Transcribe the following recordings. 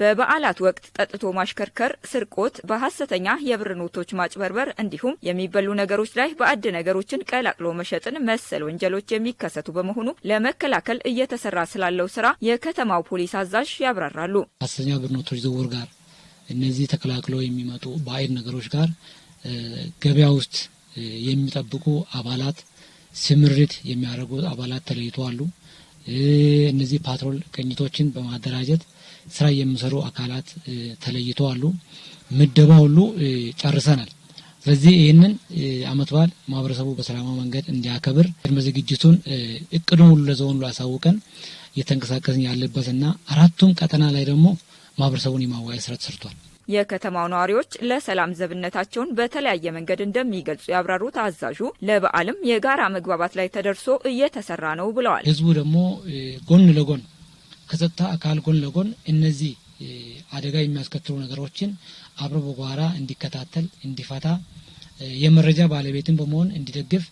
በበዓላት ወቅት ጠጥቶ ማሽከርከር፣ ስርቆት፣ በሐሰተኛ የብር ኖቶች ማጭበርበር እንዲሁም የሚበሉ ነገሮች ላይ ባዕድ ነገሮችን ቀላቅሎ መሸጥን መሰል ወንጀሎች የሚከሰቱ በመሆኑ ለመከላከል እየተሰራ ስላለው ስራ የከተማው ፖሊስ አዛዥ ያብራራሉ። ሐሰተኛ ብር ኖቶች ዝውውር ጋር እነዚህ ተከላክሎ የሚመጡ ባዕድ ነገሮች ጋር ገበያ ውስጥ የሚጠብቁ አባላት ስምሪት የሚያደርጉ አባላት ተለይቶ አሉ። እነዚህ ፓትሮል ቅኝቶችን በማደራጀት ስራ የሚሰሩ አካላት ተለይቶ አሉ። ምደባ ሁሉ ጨርሰናል። ስለዚህ ይህንን አመት በዓል ማህበረሰቡ በሰላማዊ መንገድ እንዲያከብር ቅድመ ዝግጅቱን እቅዱን ሁሉ ለዞኑ አሳውቀን እየተንቀሳቀስን ያለበትና አራቱም ቀጠና ላይ ደግሞ ማህበረሰቡን የማዋያ ስራ ተሰርቷል። የከተማው ነዋሪዎች ለሰላም ዘብነታቸውን በተለያየ መንገድ እንደሚገልጹ ያብራሩት አዛዡ ለበዓልም የጋራ መግባባት ላይ ተደርሶ እየተሰራ ነው ብለዋል። ህዝቡ ደግሞ ጎን ለጎን ከጸጥታ አካል ጎን ለጎን እነዚህ አደጋ የሚያስከትሉ ነገሮችን አብሮ በጓራ እንዲከታተል፣ እንዲፈታ የመረጃ ባለቤትን በመሆን እንዲደግፍ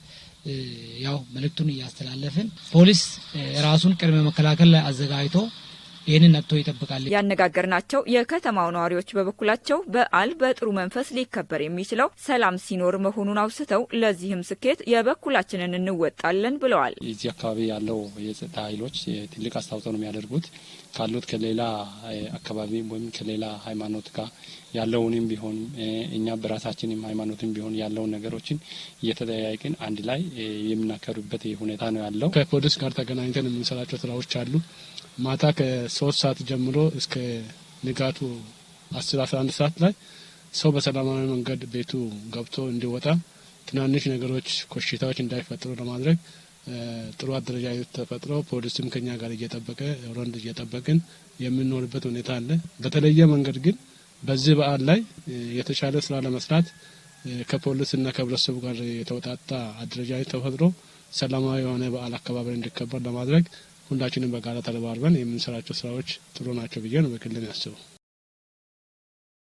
ያው መልእክቱን እያስተላለፍን ፖሊስ ራሱን ቅድመ መከላከል ላይ አዘጋጅቶ ይህንን ነጥቶ ይጠብቃል። ያነጋገርናቸው የከተማው ነዋሪዎች በበኩላቸው በዓል በጥሩ መንፈስ ሊከበር የሚችለው ሰላም ሲኖር መሆኑን አውስተው ለዚህም ስኬት የበኩላችንን እንወጣለን ብለዋል። እዚህ አካባቢ ያለው የጸጥታ ኃይሎች ትልቅ አስተዋጽኦ ነው የሚያደርጉት ካሉት ከሌላ አካባቢ ወይም ከሌላ ሃይማኖት ጋር ያለውንም ቢሆን እኛ በራሳችንም ሃይማኖትም ቢሆን ያለውን ነገሮችን እየተጠያየቅን አንድ ላይ የምናከሩበት ሁኔታ ነው ያለው። ከፖሊስ ጋር ተገናኝተን የምንሰራቸው ስራዎች አሉ። ማታ ከሶስት ሰዓት ጀምሮ እስከ ንጋቱ አስር አስራ አንድ ሰዓት ላይ ሰው በሰላማዊ መንገድ ቤቱ ገብቶ እንዲወጣ ትናንሽ ነገሮች ኮሽታዎች እንዳይፈጥሩ ለማድረግ ጥሩ አደረጃጀት ተፈጥሮ ፖሊስም ከኛ ጋር እየጠበቀ ሮንድ እየጠበቅን የምንኖርበት ሁኔታ አለ። በተለየ መንገድ ግን በዚህ በዓል ላይ የተሻለ ስራ ለመስራት ከፖሊስና ከህብረተሰቡ ጋር የተወጣጣ አደረጃጀት ተፈጥሮ ሰላማዊ የሆነ በዓል አከባበር እንዲከበር ለማድረግ ሁላችንም በጋራ ተረባርበን የምንሰራቸው ስራዎች ጥሩ ናቸው ብዬ ነው በክልል ያስበው።